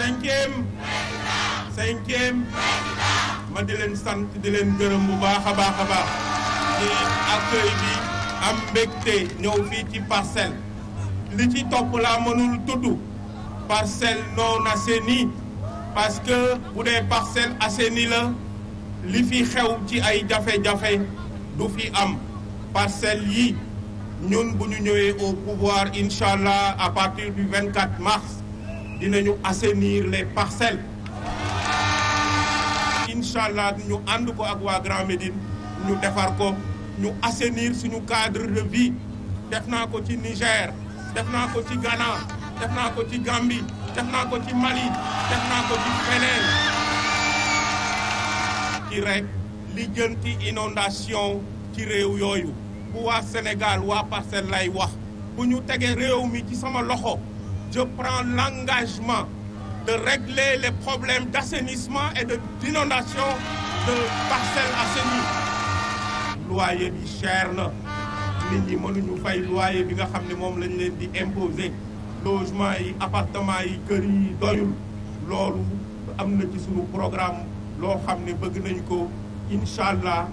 cinquième cinquième ma di leen sant di leen gërëm bu baax a baax a baax ak accueil bi am mbégte ñëw fii ci parcelle li ci topp laa mënul tudd parcelle non assainie parce que bu dee parcelle assainie la li fi xew ci ay jafe-jafe du fi am parcelle yi ñun bu ñu ñëwee au pouvoir incha allah à partir du 24 mars dinañu assainir les parcelles incha allah ñu ànd ko ak waa Grand Médine ñu defar ko ñu assainir suñu cadre de vie def naa ko ci Niger def naa ko ci Ghana def naa ko ci Gambie def naa ko ci Mali def naa ko ci feneen ci rek li jëm ci réew yooyu bu waa senegal waa parcelle lay wax bu ñu tegee réew mi ci sama loxo je prends l'engagement de régler les problèmes d'assainissement et d'inondation de, de parcelles assainies loyer bi cher na nit mënuñu fay loyer bi nga xam ne moom lañ leen di imposer logement yi appartement yi yi doyul loolu am na ci programme loo xam ne bëgg nañ ko incha allah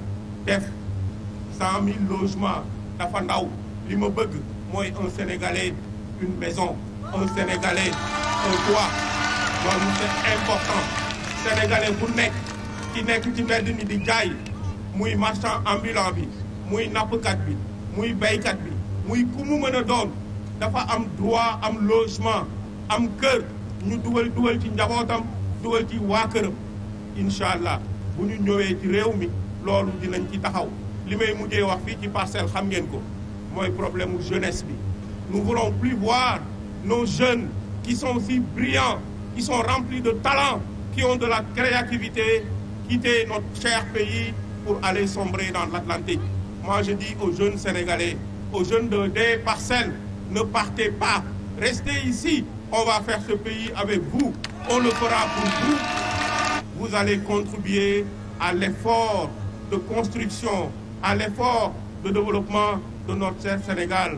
def cent mille logements dafa ndaw li ma bëgg mooy un sénégalais une maison un sénégalais un droit loolu important sénégalais bu nekk ki nekk ci mbedd mi di jaay muy marchand ambulant bi muy nappkat bi muy béykat bi muy ku mu mën a dafa am droit am logement am kër ñu dugal dugal ci njabootam dugal ci waa këram incha allah bu ñu ñëwee ci réew mi loolu dinañ ci taxaw li may mujjee wax fii ci parcelle xam ngeen ko mooy problème mu jeunesse bi nous voulons plus nos jeunes qui sont aussi brillants, qui sont remplis de talent, qui ont de la créativité, quitter notre cher pays pour aller sombrer dans l'Atlantique. Moi, je dis aux jeunes Sénégalais, aux jeunes de, des parcelles, ne partez pas, restez ici. On va faire ce pays avec vous. On le fera pour vous. Vous allez contribuer à l'effort de construction, à l'effort de développement de notre cher Sénégal.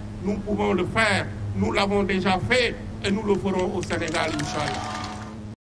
Nous pouvons le faire. Nous l'avons déjà fait et nous le ferons au Sénégal, Inch'Allah.